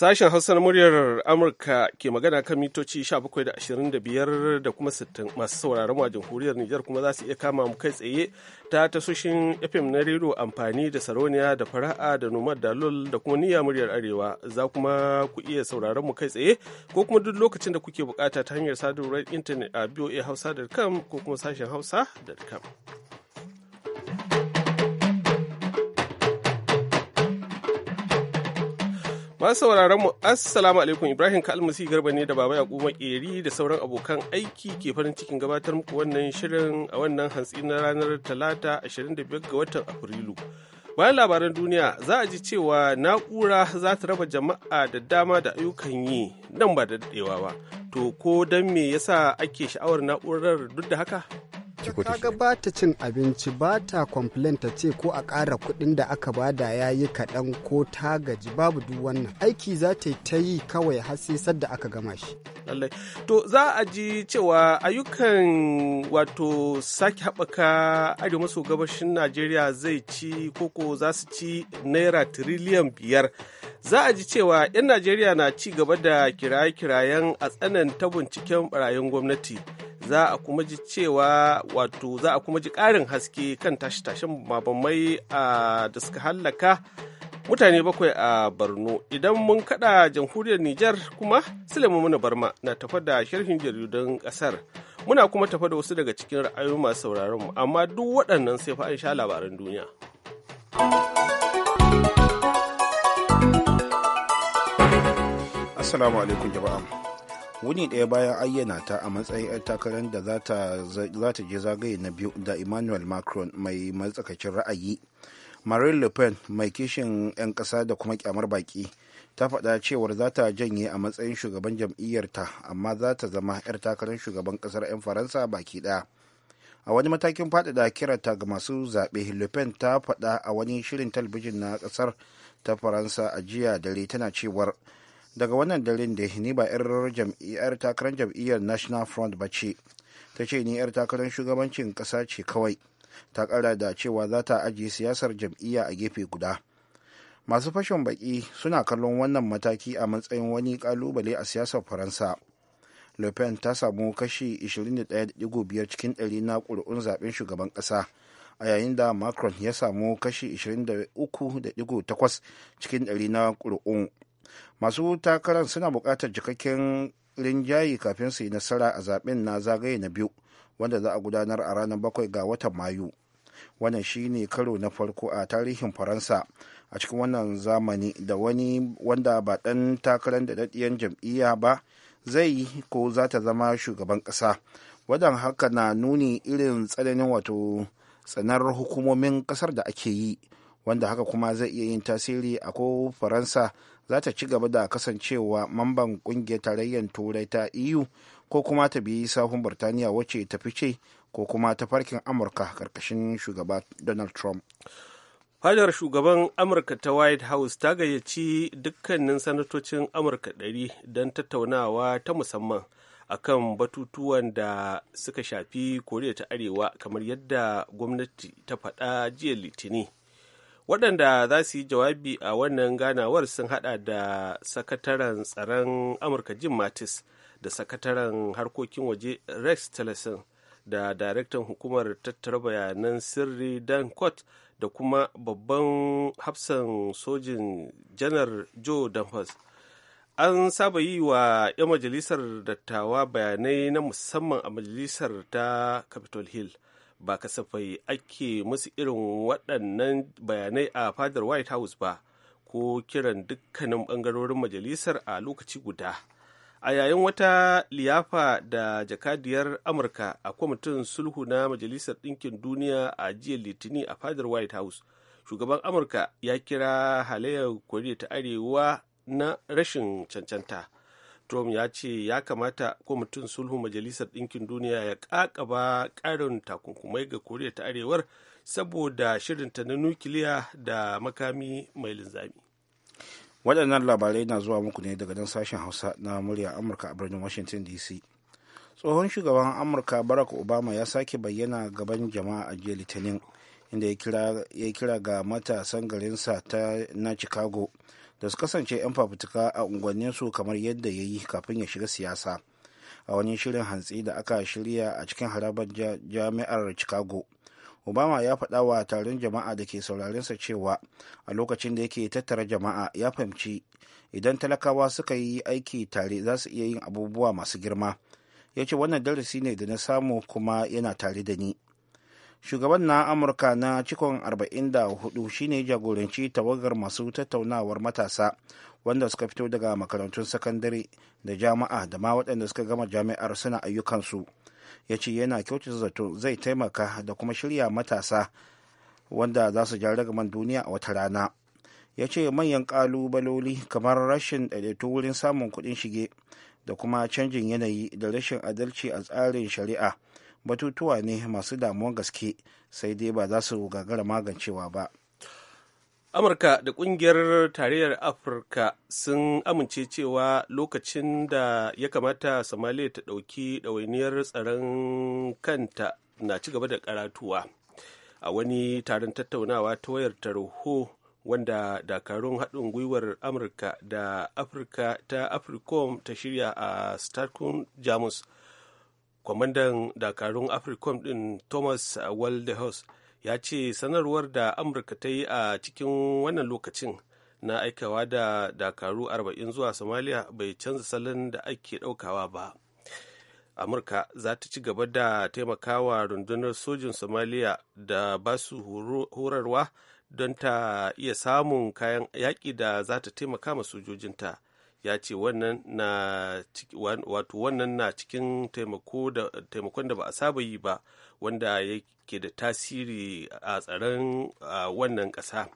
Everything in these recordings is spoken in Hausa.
Sashen Hausar muryar Amurka ke magana kan mitoci 17 da 25 kuma 60 masu sauraron mu a jamhuriyar Nijar kuma za su iya kama mu kai tsaye ta tasoshin FM na rero amfani da sarauniya da fara'a da nomad da da kuma niyya muryar Arewa za kuma ku iya sauraron mu kai tsaye ko kuma duk lokacin da kuke bukata ta hanyar sadarwar intanet a Hausa.com ko kuma sashen hausa.com. Masu sauraron mu Assalamu alaikum Ibrahim Kalmasi Garba ne da Baba Yakubu Makeri da sauran abokan aiki ke farin cikin gabatar muku wannan shirin a wannan hantsi na ranar Talata 25 ga watan Afrilu. Bayan labaran duniya za a ji cewa na'ura za ta raba jama'a da dama da ayyukan yi nan ba da daɗewa ba. To ko don me yasa ake sha'awar na'urar duk da haka? abinci ko ta ba ta cin abinci ba ta complain ta ce ko a ƙara kuɗin da aka bada ya yi kaɗan ko ta gaji babu duk wannan aiki za ta ta yi kawai har sai sadda aka gama shi. Lallai to za a ji cewa ayyukan wato sake haɓaka arewa maso gabashin Najeriya zai ci koko za su ci naira tiriliyan biyar. Za a ji cewa 'yan Najeriya na ci gaba da kiraye-kirayen a tabon cikin barayin gwamnati. za a kuma ji cewa wato za a kuma ji ƙarin haske kan tashe-tashen mabamai da suka hallaka mutane bakwai a borno idan mun kada jamhuriyar Nijar kuma sulaimu muna barma na tafa da sharhin jaridun kasar muna kuma tafa da wasu daga cikin ra'ayoyi masu sauraron mu amma duk waɗannan sai fa sha labaran duniya assalamu alaikum jama'a wuni ɗaya bayan ayyana ta a matsayin 'yar takarar da za ta je zagaye na biyu da emmanuel macron mai matsakaicin ra'ayi marine le pen mai kishin 'yan ƙasa da kuma kyamar baki ta faɗa cewar za ta janye a matsayin shugaban jam'iyyar ta amma za ta zama 'yar takarar shugaban ƙasar 'yan faransa baki ɗaya a wani matakin faɗaɗa kiranta ga masu zaɓe le pen ta faɗa a wani shirin talabijin na ƙasar ta faransa a jiya dare tana cewar daga wannan dalilin da ni ba yar takarar jam'iyyar national front ba ce ta ce ni yar takarar shugabancin ƙasa ce kawai ta ƙara da cewa za ta ajiye siyasar jam'iyya a gefe guda masu fashin baki suna kallon wannan mataki a matsayin wani kalubale a siyasar faransa le pen ta samu kashi 21.5 cikin ɗari na ƙuri'un zaben shugaban ƙasa a yayin da macron ya samu kashi 23.8 cikin ɗari na ƙuri'un masu takarar suna bukatar cikakken rinjaye kafin su yi nasara a zaben na zagaye na biyu wanda za a gudanar a ranar bakwai ga watan mayu wannan shine karo na farko a tarihin faransa a cikin wannan zamani da wani wanda ba ɗan takarar da daɗiyan jam'iyya ba zai ko za ta zama shugaban ƙasa wadan haka na nuni irin tsananin wato tsanar hukumomin ƙasar da ake yi wanda haka kuma zai iya yin tasiri a ko faransa za ta ci gaba da kasancewa mamban kungiyar tarayyar turai ta eu ko kuma ta biyi sahun birtaniya wacce ta fice ko kuma ta farkin amurka karkashin shugaba donald trump fadar shugaban amurka ta white house ta gayyaci dukkanin sanatocin amurka ɗari don tattaunawa ta musamman akan batutuwan da suka shafi koriya ta arewa kamar yadda gwamnati ta faɗa jiya litinin waɗanda za su yi jawabi a wannan ganawar sun haɗa da sakataren tsaron amurka jim mattis da sakataren harkokin waje rex tillerson da daraktan hukumar tattara bayanan sirri dan court da kuma babban hafsan sojin janar joe danfoss an saba yi wa 'yan majalisar dattawa bayanai na musamman a majalisar ta capitol hill ba kasafai ake musu irin waɗannan bayanai a fadar white house ba ko kiran dukkanin ɓangarorin majalisar a lokaci guda a yayin wata liyafa da jakadiyar amurka a kwamitin sulhu na majalisar ɗinkin duniya a jiya litini a fadar white house shugaban amurka ya kira halayyar koriya ta arewa na rashin cancanta Trump ya ce ya kamata kwamitin sulhu majalisar ɗinkin duniya ya ƙaƙaba ƙarin takunkumai ga Koriya ta Arewar saboda shirinta na nukiliya da makami mai linzami. Waɗannan labarai na zuwa muku ne daga nan sashen Hausa na murya Amurka a birnin Washington DC. Tsohon shugaban Amurka Barack Obama ya sake bayyana gaban jama'a a jiya Litinin inda ya kira ga matasan garinsa na Chicago da su kasance 'yan fafutuka a unguwanninsu kamar yadda ya yi kafin ya shiga siyasa a wani shirin hantsi da aka shirya a cikin harabar jami'ar chicago obama ya faɗa wa taron jama'a da ke saurarensa cewa a lokacin da yake tattara jama'a ya fahimci idan talakawa suka yi aiki tare za su iya yin abubuwa masu girma ya ce wannan darasi ne da na samu kuma yana tare da ni shugaban na amurka na cikon 44 shine jagoranci tawagar masu tattaunawar matasa wanda suka fito daga makarantun sakandare da jama'a da ma waɗanda suka gama jami'ar suna ayyukansu ya ce yana kyautata zato zai taimaka da kuma shirya matasa wanda za su ja man duniya a wata rana ya ce manyan ƙalubaloli kamar rashin ɗaiɗaito wurin samun kuɗin shige da kuma canjin yanayi da rashin adalci a tsarin shari'a batutuwa ne masu damuwan gaske sai dai ba za su gagara magancewa ba amurka da ƙungiyar tarayyar afirka sun amince cewa lokacin da ya kamata somalia ta ɗauki ɗawainiyar tsaron kanta na ci gaba da karatuwa a wani taron tattaunawa ta wayar tarho wanda dakarun haɗin gwiwar amurka da afirka ta africom ta shirya a stockholm jamus kwamandan dakarun africom din thomas waldehouse ya ce sanarwar da amurka ta yi a cikin wannan lokacin na aikawa da dakaru 40 zuwa somalia bai canza salon da ake daukawa ba amurka za ta ci gaba da taimakawa rundunar sojin Somalia da ba su horarwa don ta iya samun kayan yaƙi da za ta taimaka ma sojojinta ya ce wannan na cikin taimakon da ba a saba yi ba wanda yake da tasiri a tsaron wannan ƙasa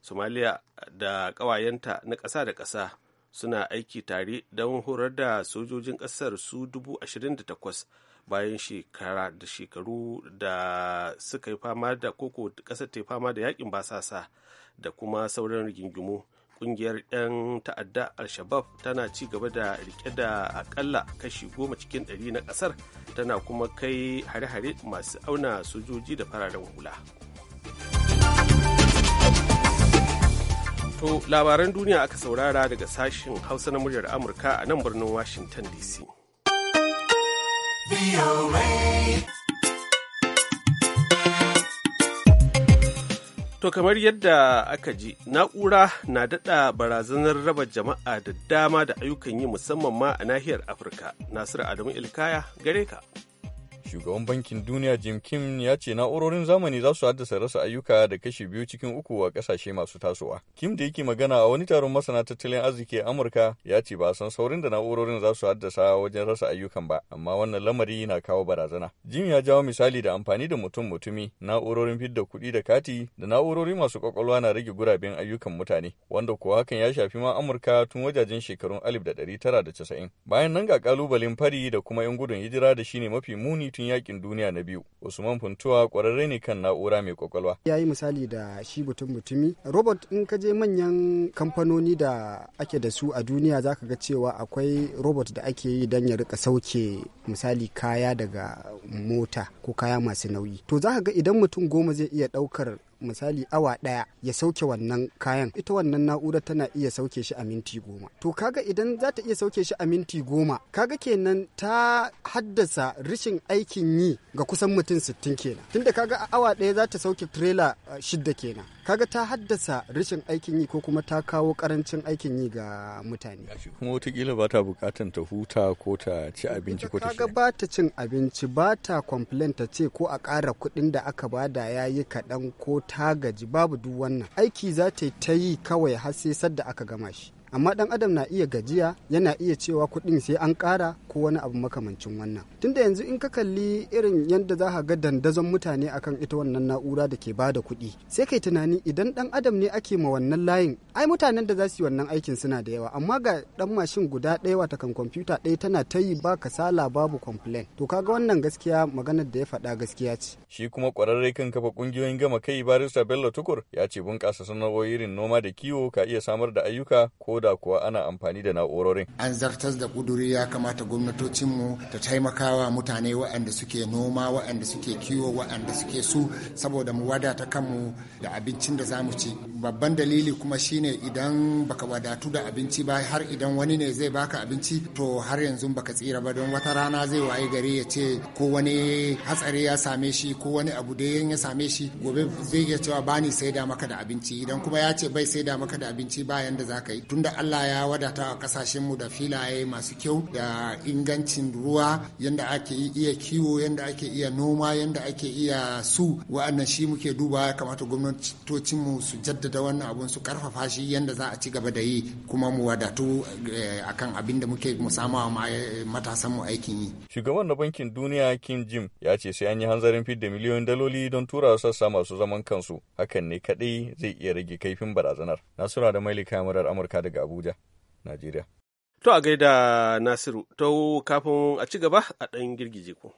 somaliya da ƙawayenta na ƙasa da ƙasa suna aiki tare don horar da sojojin ƙasar su 28,000 bayan shekara da shekaru da suka yi fama da koko ƙasar ta yi fama da yakin basasa da kuma sauran rigingimu kungiyar 'yan ta'adda al-shabab tana ci gaba da rike da akalla kashi goma cikin ɗari na ƙasar tana kuma kai hare-hare masu auna sojoji da fararen hula to labaran duniya aka saurara daga sashen hausa na muryar amurka a nan birnin washington dc To kamar yadda aka ji, na'ura na daɗa barazanar raba jama'a da dama da ayyukan yi musamman ma a nahiyar Afirka. Nasiru Adamu Ilkaya gare ka. Shugaban Bankin Duniya Jim Kim ya ce na'urorin zamani za su haddasa rasa ayyuka da kashi biyu cikin uku a kasashe masu tasowa. Kim da yake magana a wani taron masana tattalin arziki a Amurka ya ce ba san saurin da na'urorin za su haddasa wajen rasa ayyukan ba, amma wannan lamari na kawo barazana. Jim ya jawo misali da amfani da mutum-mutumi, na'urorin fidda kuɗi da kati da na'urori masu kwakwalwa na rage guraben ayyukan mutane, wanda kuwa hakan ya shafi ma Amurka tun wajajen shekarun alif da da tara casa'in. Bayan nan ga ƙalubalen fari da kuma 'yan gudun hijira da shine mafi muni tun yakin duniya na biyu usman funtuwa kwararre ne kan na'ura mai kwakwalwa ya yi misali da shi butun mutumi robot in ka je manyan kamfanoni da ake da su a duniya za ka ga cewa akwai robot da ake yi don ya rika sauke misali kaya daga mota ko kaya masu nauyi to za ka ga idan mutum goma zai iya ɗaukar misali awa ɗaya ya sauke wannan kayan ita wannan na'urar tana iya sauke shi a minti goma to kaga idan za ta iya sauke shi a minti goma kaga kenan ta haddasa rishin aikin yi ga kusan mutum sittin kenan tunda kaga a awa ɗaya za ta sauke trailer eh, shidda kenan kaga ta haddasa rashin aikin yi ko kuma ta kawo karancin aikin yi ga mutane kuma watakila ba ta bukatan ta huta ko ta ci abinci ko ta kaga ba ta cin abinci ba ta complain ta ce ko a kara kuɗin da aka bada ya yi kaɗan ko ta gaji babu duk wannan aiki za ta yi ta yi kawai har sai sadda aka gama shi amma dan adam na iya gajiya yana iya cewa kuɗin sai an ƙara ko wani abu makamancin wannan tunda yanzu in ka kalli irin yadda za ka ga dandazon mutane akan ita wannan na'ura da ke bada kuɗi sai kai tunani idan dan adam ne ake ma wannan layin ai mutanen da za su yi wannan aikin suna da yawa amma ga dan mashin guda ɗaya wata kan kwamfuta ɗaya tana ta yi ba kasala babu complain to kaga wannan gaskiya maganar da ya faɗa gaskiya ce shi kuma kwararre kan kafa kungiyoyin gama kai barista bello tukur ya ce bunƙasa sana'o'i irin noma da kiwo ka iya samar da ayyuka ko koda kuwa ana amfani da na'urorin. An zartas da kuduri ya kamata gwamnatocinmu ta taimakawa mutane waɗanda suke noma waɗanda suke kiwo waɗanda suke su saboda mu wadata kanmu da abincin da zamu ci. Babban dalili kuma shine idan baka wadatu da abinci ba har idan wani ne zai baka abinci to har yanzu baka tsira ba don wata rana zai waye gari ya ce ko wani hatsari ya same shi ko wani abu da ya same shi gobe zai iya cewa bani sai da maka da abinci idan kuma ya ce bai sai da maka da abinci bayan da za ka yi tunda da Allah ya wadata a kasashen mu da filaye masu kyau da ingancin ruwa yanda ake iya kiwo yanda ake iya noma yanda ake iya su wa'annan shi muke duba ya kamata gwamnatocin mu su jaddada wannan abun su karfafa shi yanda za a ci gaba da yi kuma mu wadatu eh, akan abin da muke musamawa sama eh, matasan mu aikin yi shugaban na bankin duniya Kim Jim ya ce sai an yi hanzarin fidda miliyoyin daloli don tura sassa masu zaman kansu hakan ne kadai zai iya rage kaifin barazanar nasura da mailika murar Amurka daga Abuja, Najeriya. To a gaida Nasiru, to kafin a ci gaba a ɗan girgije ku.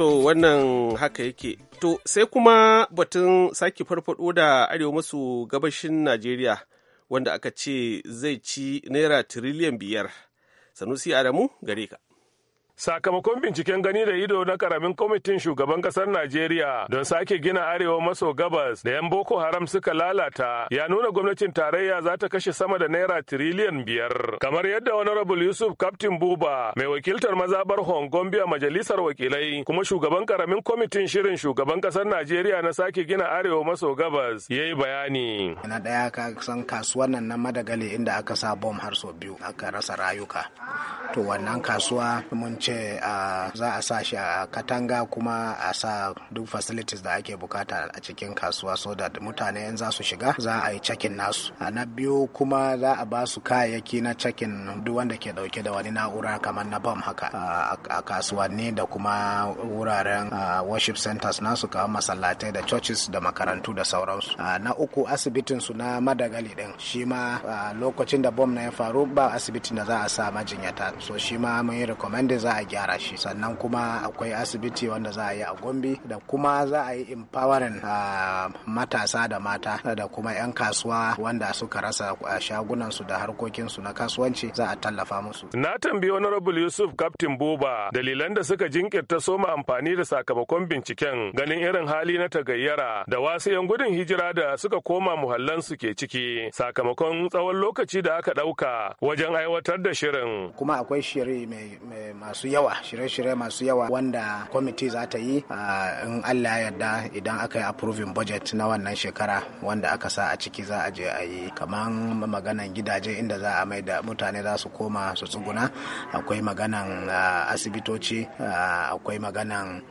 to wannan haka yake to sai kuma batun sake farfado da arewa maso gabashin najeriya wanda aka ce zai ci naira tiriliyan biyar sanusi adamu gare ka sakamakon binciken gani da ido na karamin kwamitin shugaban kasar Najeriya don sake gina arewa maso gabas da 'yan Boko Haram suka lalata ya nuna gwamnatin tarayya za ta kashe sama da naira tiriliyan biyar. Kamar yadda Honorable Yusuf Captain Buba mai wakiltar mazabar Hong Kong a majalisar wakilai kuma shugaban karamin kwamitin shirin shugaban kasar Najeriya na sake gina arewa maso gabas ya yi bayani. Na ɗaya ka san kasuwar nan na Madagali inda aka sa bom har sau biyu aka rasa rayuka. To wannan kasuwa mun ce za a sa shi a katanga kuma a sa duk facilities da ake bukata a cikin kasuwa so da mutane yan za su shiga za a yi cakin nasu a na biyu kuma za a ba su kayayyaki na cakin duk wanda ke dauke da wani na'ura kamar na bam haka a kasuwanni da kuma wuraren worship centers nasu kamar masallatai da churches da makarantu da sauransu na uku asibitin su na madagali din shi ma lokacin da bom na ya faru ba asibitin da za a sa majinyata so shi ma mun yi recommended za a a gyara shi sannan kuma akwai asibiti wanda za a yi a gombe da kuma za a yi empowering a ah, matasa da mata da kuma 'yan kasuwa wanda suka rasa ah, shagunansu da harkokinsu na kasuwanci za a tallafa musu na tambayi honorable yusuf captain buba dalilan da suka jinkirta soma amfani da sakamakon binciken ganin irin hali na tagayyara da wasu 'yan gudun hijira da suka koma muhallansu ke ciki sakamakon tsawon lokaci da aka ɗauka wajen aiwatar da shirin kuma akwai shiri mai masu yawa shirye-shirye masu yawa wanda kwamiti za ta yi in allah ya yarda idan aka yi approving budget na wannan shekara wanda aka sa a ciki za a je a yi kamar maganan gidaje inda za a mai da mutane za su koma su tsuguna akwai maganan asibitoci akwai maganan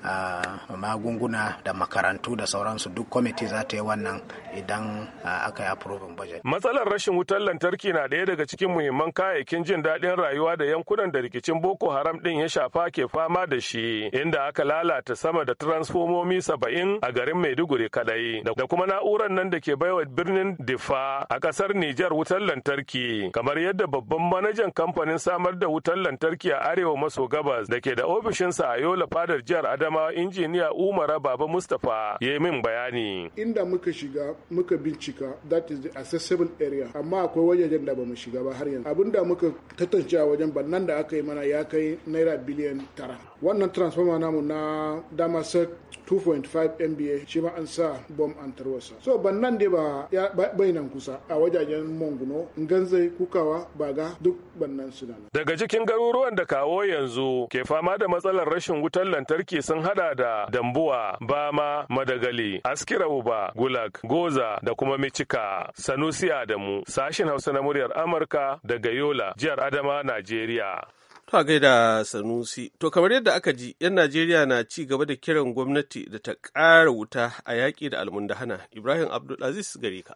magunguna da makarantu da sauransu duk kwamiti za ta yi wannan idan aka yi approving budget matsalar rashin wutar lantarki na ɗaya daga cikin muhimman kayayyakin jin daɗin rayuwa da yankunan da rikicin boko haram ɗin ya shafa ke fama da shi inda aka lalata sama da transfomomi saba'in a garin Maiduguri kadai da kuma na'urar nan da ke baiwa birnin Difa a kasar Nijar wutar lantarki kamar yadda babban manajan kamfanin samar da wutar lantarki a arewa maso gabas da ke da ofishinsa a Yola fadar jihar Adamawa injiniya Umara Baba Mustapha ya min bayani. Inda muka shiga muka bincika that is the accessible area amma akwai wajajen da bamu shiga ba har yanzu abinda muka a wajen nan da aka yi mana ya kai naira naira biliyan tara wannan transformer namu na damasek 2.5 mba shi ma an sa bom an tarwasa so ban nan dai ba ya bainan kusa a wajajen monguno ganzai kukawa baga duk ban nan bannan nan. daga cikin garuruwan da kawo yanzu ke fama da matsalar rashin wutar lantarki sun hada da dambuwa bama madagali askira uba gulag goza da kuma micika sanusi adamu sashin hausa na muryar amurka daga yola jihar adama najeriya To a gaida Sanusi, to kamar yadda aka ji, 'yan Najeriya na ci gaba da kiran gwamnati da ta ƙara wuta a yaƙi da almundahana. Ibrahim Abdulaziz gare ka.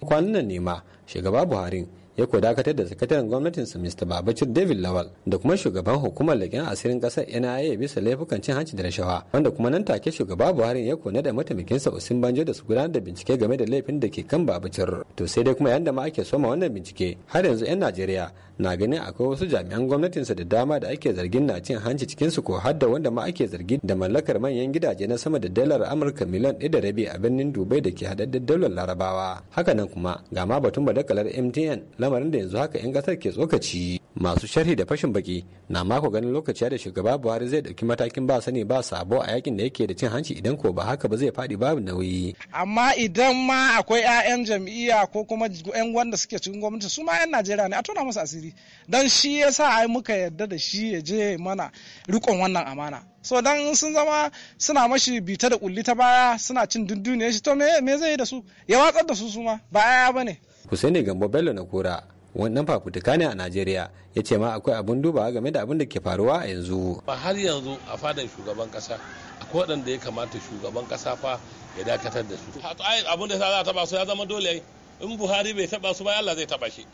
Kwanan nan shugaba Buhari ya ko dakatar da sakataren gwamnatinsa Mr. Babacir David Lawal da kuma shugaban hukumar leƙen asirin ƙasar NIA bisa laifukan cin hanci da rashawa wanda kuma nan take shugaba Buhari ya kona da mataimakinsa Usin Banjo da su gudanar da bincike game da laifin da ke kan Babacir. To sai dai kuma yan ma ake soma wannan bincike har yanzu 'yan Najeriya na ganin akwai wasu jami'an gwamnatinsa da dama da ake zargin na cin hanci cikin su ko har da wanda ma ake zargi da mallakar manyan gidaje na sama da dalar amurka miliyan ɗaya da rabi a birnin dubai da ke da dalar larabawa hakanan kuma ga ma batun badakalar mtn lamarin da yanzu haka 'yan kasar ke tsokaci masu sharhi da fashin baki na mako ganin lokaci da shugaba buhari zai ɗauki matakin ba sani ba sabo a yakin da yake da cin hanci idan ko ba haka ba zai faɗi babu nauyi amma idan ma akwai 'ya'yan jam'iyya ko kuma 'yan wanda suke cikin gwamnati su ma 'yan najeriya ne a tona musu asiri asiri don shi yasa ai muka yarda da shi ya je mana rikon wannan amana so dan sun zama suna mashi bita da kulli ta baya suna cin dunduniyar shi to me zai yi da su ya watsar da su su ma ba aya bane Hussaini Gambo Bello na kura wannan fafutuka ne a najeriya ya ce ma akwai abin dubawa game da abin da ke faruwa a yanzu ba har yanzu a fadan shugaban kasa akwai waɗanda ya kamata shugaban kasa fa ya dakatar da su abin da za a taba su ya zama dole in buhari bai taba su ba allah zai taba shi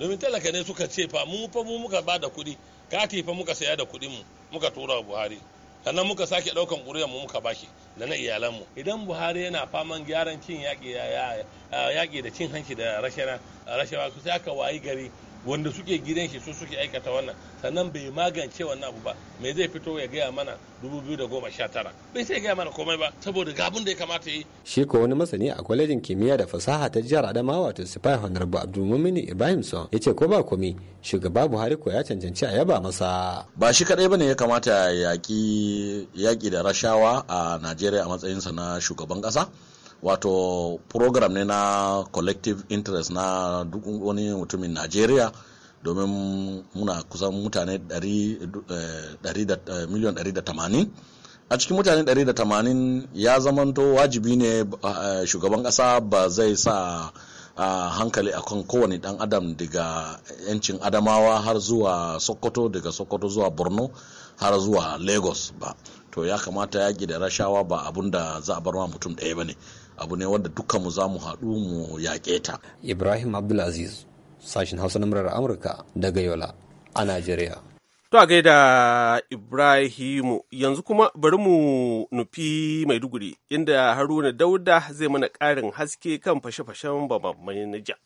domin talaka ne suka ce fa mu fa mu muka ba da kuɗi kati fa muka saya da kuɗin mu muka tura wa buhari sannan muka sake ɗaukan ƙuri'ar mu muka bashi da na iyalan mu idan buhari yana faman gyaran cin yaƙi da cin hanci da rashawa kusa aka wayi gari wanda suke gidan shi su suke aikata wannan sannan bai magance wannan abu ba me zai fito ya gaya mana 2019 bai sai gaya mana komai ba saboda ga abin da ya kamata yi shi ko wani masani a kwalejin kimiyya da fasaha ta jihar Adamawa wato Sifai Honorable Abdulmumin Ibrahim Son ce ko ba komi shugaba Buhari ko ya cancanci a yaba masa ba shi kadai bane ya kamata yaki yaki da rashawa a Najeriya a matsayinsa na shugaban kasa wato program ne na collective interest na duk wani mutumin najeriya domin muna kusan mutane eh, eh, miliyan 180 a cikin mutane 180 ya zamanto wajibi ne eh, shugaban kasa ba zai sa a hankali a akan kowane dan adam daga yancin adamawa har zuwa sokoto daga sokoto zuwa borno har zuwa lagos ba to ya kamata yaki da rashawa ba abun da za a bar ma mutum ɗaya ba ne abu ne wanda mu za mu haɗu mu yaƙe ta ibrahim abdulaziz sashen hausa na murar amurka daga yola a najeriya to a gaida ibrahimu yanzu kuma bari mu nufi maiduguri inda haruna dauda zai mana ƙarin haske kan fashe-fashen babban nijar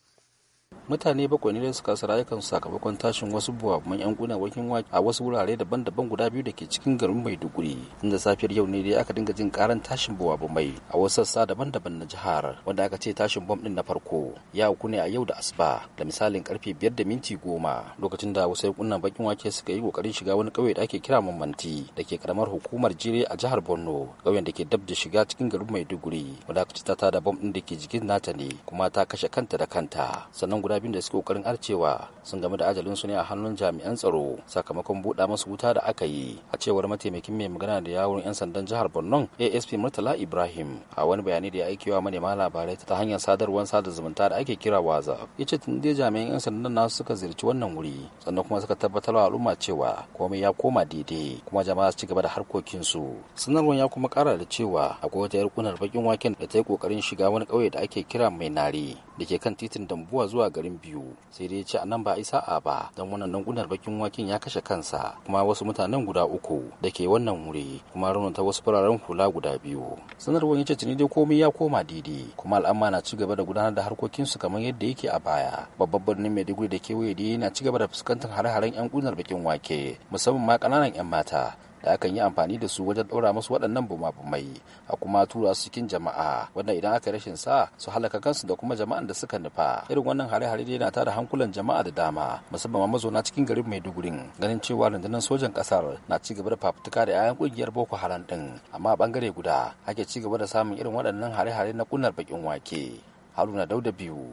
mutane bakwai ne da suka rayukan su sakamakon tashin wasu buwabuman yan kuna wakin waki a wasu wurare daban-daban guda biyu da ke cikin garin maiduguri inda safiyar yau ne dai aka dinga jin karan tashin buwabumai a wasu sassa daban-daban na jihar wanda aka ce tashin bom din na farko ya uku ne a yau da asuba da misalin karfe biyar da minti goma lokacin da wasu yankunan bakin wake suka yi kokarin shiga wani ƙauye da ake kira mamanti da ke karamar hukumar jire a jihar borno ƙauyen da ke dab da shiga cikin garin maiduguri wanda aka ce ta tada bom din da ke jikin nata ne kuma ta kashe kanta da kanta sannan guda guda biyu da suke kokarin arcewa sun game da ajalin su ne a hannun jami'an tsaro sakamakon buɗa musu wuta da aka yi a cewar mataimakin mai magana da yawon 'yan sandan jihar Borno ASP Murtala Ibrahim a wani bayani da ya aiki wa manema labarai ta hanyar sadarwar sada zumunta da ake kira waza. yace tun dai jami'an 'yan sandan nasu suka ziyarci wannan wuri sannan kuma suka tabbatar wa al'umma cewa komai ya koma daidai kuma jama'a su ci gaba da harkokin harkokinsu sanarwar ya kuma kara da cewa akwai wata yar kunar bakin waken da ta yi kokarin shiga wani ƙauye da ake kira mai nari da ke kan titin dambuwa zuwa gari garin biyu sai dai ce a nan ba a sa'a ba don wannan dangunar bakin waken ya kashe kansa kuma wasu mutanen guda uku da ke wannan wuri kuma raunata wasu fararen hula guda biyu sanarwar ya ce tuni dai komai ya koma daidai kuma al'amma na ci gaba da gudanar da harkokinsu kamar yadda yake a baya babban birnin maiduguri da kewaye dai na ci gaba da fuskantar hare-haren yan gunar bakin wake musamman ma kananan yan mata da akan yi amfani da su wajen ɗora musu waɗannan bumabumai a kuma tura su cikin jama'a wanda idan aka rashin sa su halaka kansu da kuma jama'an da suka nufa irin wannan hare-hare yana tada hankulan jama'a da dama musamman ma mazauna cikin garin Maidugurin ganin cewa rundunar sojan ƙasar na ci gaba da fafutuka da 'ya'yan ƙungiyar Boko Haram ɗin amma a bangare guda ake ci gaba da samun irin waɗannan hare-hare na kunar bakin wake Haruna Dauda biyu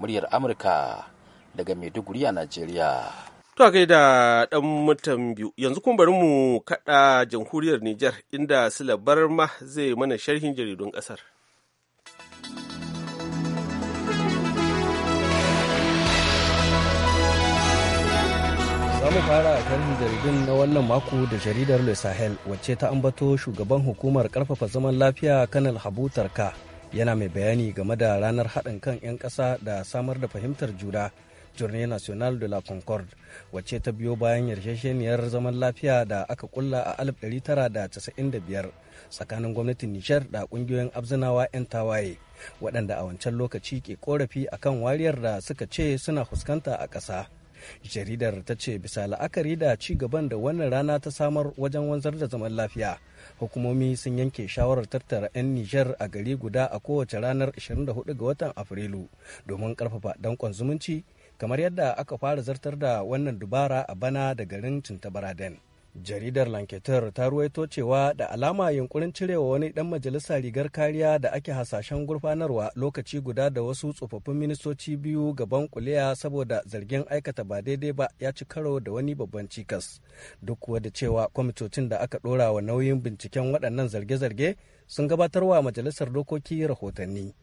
muryar Amurka daga Maiduguri a Najeriya. To a gaida ɗan mutan biyu, yanzu kuma bari mu kaɗa jamhuriyar Nijar inda silabar ma zai mana sharhin jaridun ƙasar. za fara a kan jaridun na wannan mako da jaridar le sahel wacce ta ambato shugaban hukumar karfafa zaman lafiya kanal habu tarka yana mai bayani game da ranar haɗin kan 'yan ƙasa da samar da fahimtar juna journée national de la concorde wacce ta biyo bayan yarjejeniyar zaman lafiya da aka kulla a 1995 tsakanin gwamnatin nishar da kungiyoyin abzinawa 'yan tawaye waɗanda a wancan lokaci ke korafi akan wariyar da suka ce suna fuskanta a ƙasa jaridar ta ce bisa la'akari da ci gaban da wannan rana ta samar wajen wanzar da zaman lafiya hukumomi sun yanke shawarar tattara 'yan nijar a gari guda a kowace ranar 24 ga watan afrilu domin karfafa dankon zumunci kamar yadda aka fara zartar da wannan dubara a bana da garin Cintabaraden. Jaridar Lanketer ta ruwaito cewa da alama yunkurin cirewa wani dan majalisa rigar kariya da ake hasashen gurfanarwa lokaci guda da wasu tsofaffin ministoci biyu gaban kuliya saboda zargin aikata ba daidai ba ya ci karo da wani babban cikas. Duk kuwa da cewa kwamitocin da aka ɗora wa nauyin binciken waɗannan zarge-zarge sun gabatarwa majalisar dokoki rahotanni.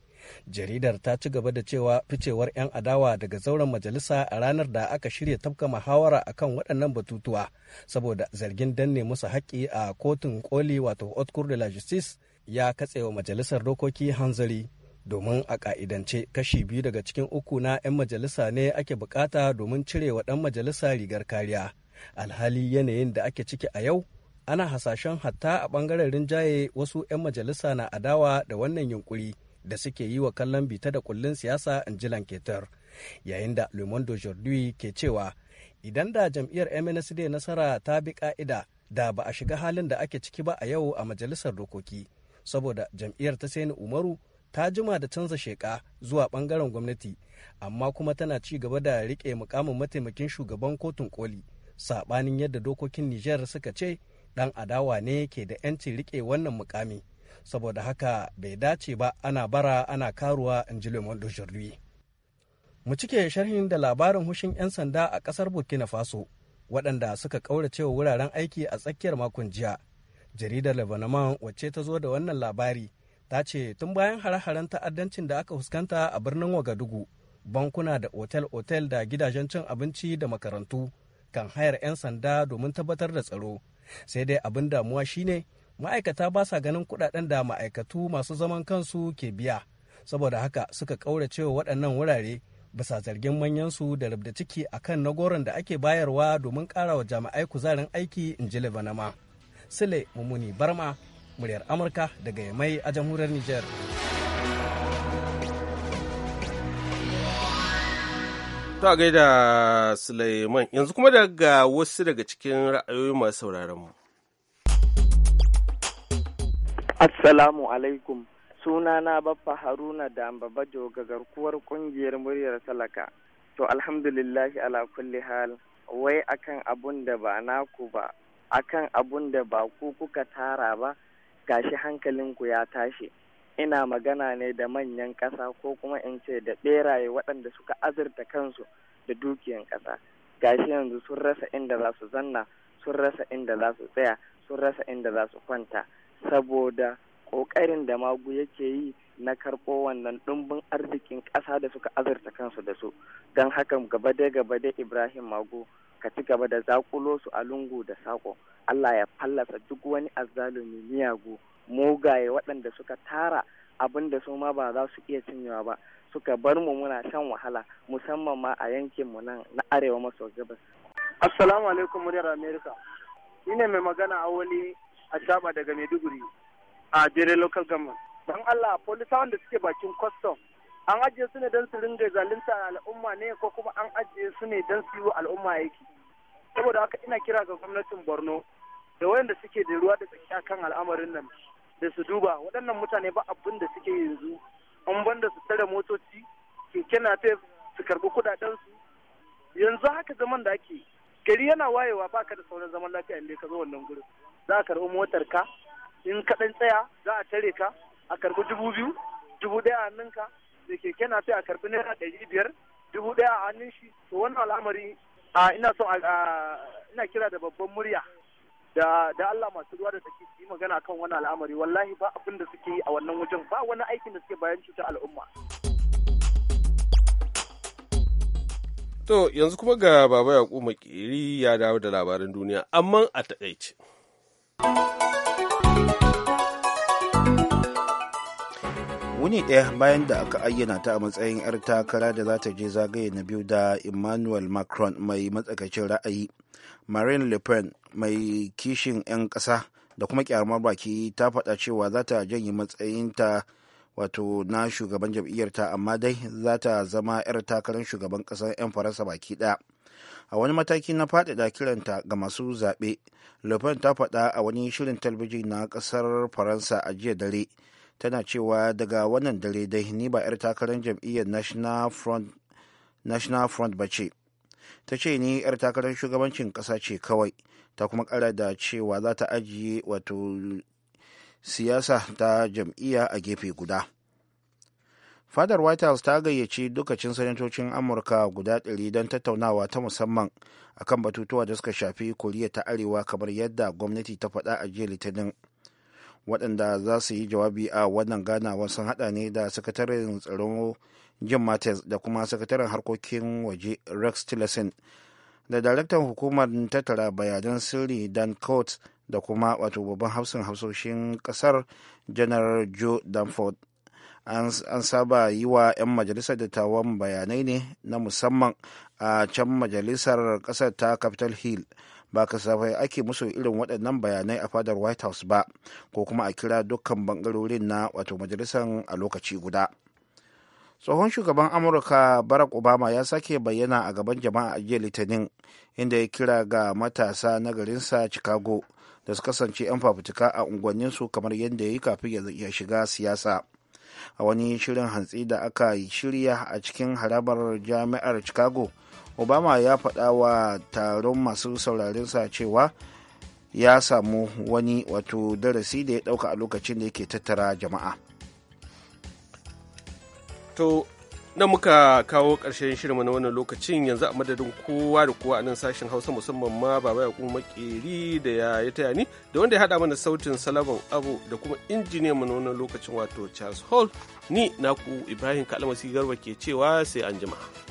jaridar ta ci gaba da cewa ficewar 'yan adawa daga zauren majalisa a ranar da aka shirya tafka muhawara akan waɗannan batutuwa saboda zargin danne musu haƙƙi a kotun koli wato haute de la justice ya katsewa majalisar dokoki hanzari domin a ka'idance kashi biyu daga cikin uku na 'yan majalisa ne ake bukata domin cire wa ɗan majalisa rigar kariya alhali yanayin da ake ciki a yau ana hasashen hatta a ɓangaren rinjaye wasu 'yan majalisa na adawa da wannan yunkuri da suke yi wa kallon bita da kullun siyasa in ji lanketar yayin da le Jordi ke cewa idan da jam'iyyar mnsd nasara ta bi ka'ida da ba a shiga halin da ake ciki ba a yau a majalisar dokoki saboda jam'iyyar ta sani umaru ta jima da canza sheka zuwa bangaren gwamnati amma kuma tana ci gaba da rike mukamin mataimakin shugaban kotun koli sabanin yadda dokokin niger suka ce dan adawa ne ke da 'yancin rike wannan mukami saboda haka bai dace ba ana bara ana karuwa in ji lemon mu cike sharhin da labarin hushin 'yan sanda a kasar burkina faso waɗanda suka ƙauracewa wuraren aiki a tsakiyar makon jiya jaridar lebanon wacce ta zo da wannan labari ta ce tun bayan hare-haren ta'addancin da aka fuskanta a birnin wagadugu bankuna da otel-otel da gidajen cin abinci da makarantu kan hayar 'yan sanda domin tabbatar da tsaro sai dai abin damuwa shine ma'aikata ba sa ganin kudaden da ma'aikatu masu zaman kansu ke biya saboda haka suka kauracewa waɗannan wurare bisa zargin manyansu da rabda ciki akan na goron da ake bayarwa domin wa jami'ai kuzarin aiki in ji libanama sile mummuni barma muryar amurka daga yamai a jamhuriyar niger ta gaida suleiman yanzu kuma daga wasu daga cikin ra'ayoyi masu sauraron mu. Assalamu alaikum. Sunana Baffa Haruna da Ambabajo ga garkuwar kungiyar muryar talaka. To alhamdulillahi ala kulli hal wai akan abun da ba naku ba, akan abun da ba ku kuka tara ba, gashi hankalinku ya tashi. Ina magana ne da manyan ƙasa ko kuma in ce da ɓeraye waɗanda suka azurta kansu da dukiyan ƙasa. Gashi yanzu sun rasa inda za su zanna, sun rasa inda za su tsaya, sun rasa inda za su kwanta. saboda ƙoƙarin da magu yake yi na karɓo wannan ɗumbin arzikin ƙasa da suka azurta kansu da su don haka gaba da gaba da ibrahim magu ka ci gaba da zakulo su a lungu da saƙo allah ya fallasa duk wani azzalumi miyagu mugaye waɗanda suka tara abin da su ma ba za su iya cinyewa ba suka bar mu muna shan wahala musamman ma a yankin mu nan na arewa maso gabas assalamu alaikum muryar america ni ne mai magana a wani a shaba daga maiduguri a jere local government don allah polisa da suke bakin custom an ajiye su ne don su ringa zalunta al'umma ne ko kuma an ajiye su ne don su yi al'umma yake. saboda haka ina kira ga gwamnatin borno da wayanda suke da ruwa da tsaki kan al'amarin nan da su duba waɗannan mutane ba abin da suke yanzu an banda su tare motoci keke na fe su karbi kudaden su yanzu haka zaman da ake gari yana wayewa baka da sauran zaman lafiya inda ka zo wannan gurin za a karɓi motar ka in kaɗan tsaya za a tare ka a karɓi dubu biyu dubu ɗaya a ka da keke na a karɓi naira ɗari biyar dubu ɗaya a hannun shi to wannan al'amari a ina a ina kira da babban murya da da Allah masu ruwa da take yi magana kan wannan al'amari wallahi ba abin da suke yi a wannan wajen ba wani aikin da suke bayan cutar al'umma To yanzu kuma ga Baba Yakubu Makiri ya dawo da labaran duniya, amma a taƙaice. wuni ɗaya bayan da aka ayyana ta a matsayin 'yar takara da za ta je zagaye na biyu da emmanuel macron mai matsakaicin ra'ayi marine le pen mai kishin 'yan ƙasa da kuma kyarmar baki ta faɗa cewa za ta janye matsayinta wato na shugaban jam'iyyar ta amma dai za ta zama 'yar takarar shugaban ƙasar 'yan faransa baki ɗaya a wani mataki na faɗaɗa kiranta ga masu zaɓe le ta faɗa a wani shirin talabijin na ƙasar faransa a jiya dare tana cewa daga wannan dare dai ni ba 'yar takarar jam'iyyar national front national front ba ce ta ce ni 'yar takarar shugabancin ƙasa ce kawai ta kuma ƙara da cewa za ta ajiye wato siyasa ta jam'iyya a gefe guda fadar white house ta gayyaci dukacin sanatocin amurka guda ɗari don tattaunawa ta musamman akan batutuwa da suka shafi koriya ta arewa kamar yadda gwamnati ta faɗa a jiya litinin waɗanda za su yi jawabi a wannan ganawa sun haɗa ne da sakataren tsaron jim mattis da kuma sakataren harkokin waje rex tillerson da daraktan hukumar tattara bayanan sirri dan coates da kuma wato babban hausin hausoshin kasar janar joe danford an saba yi wa 'yan majalisar dattawan bayanai ne na musamman a can majalisar kasar ta capitol hill ba kasafai ake musu irin waɗannan bayanai a fadar white house ba ko kuma a kira dukkan bangarorin na wato majalisar a lokaci guda tsohon shugaban amurka barack obama ya sake bayyana a gaban jama'a a jiya litinin inda ya kira ga matasa na garinsa chicago da su kasance 'yan fafutuka a unguwanninsu kamar yadda ya yi kafin ya shiga siyasa a wani shirin hantsi da aka shirya a cikin harabar jami'ar chicago obama ya faɗa wa taron masu saurarinsa cewa ya samu wani wato darasi da ya ɗauka a lokacin da yake tattara jama'a to nan muka kawo ƙarshen shirinmu na wannan lokacin yanzu a madadin kowa da kowa a nan sashen hausa musamman ma baba ya kuma makeri da ya yi taya ni da wanda ya haɗa mana sautin salaman abu da kuma injiniyan mu na wannan lokacin wato charles hall ni naku ibrahim kalmasi garba ke cewa sai an jima'a.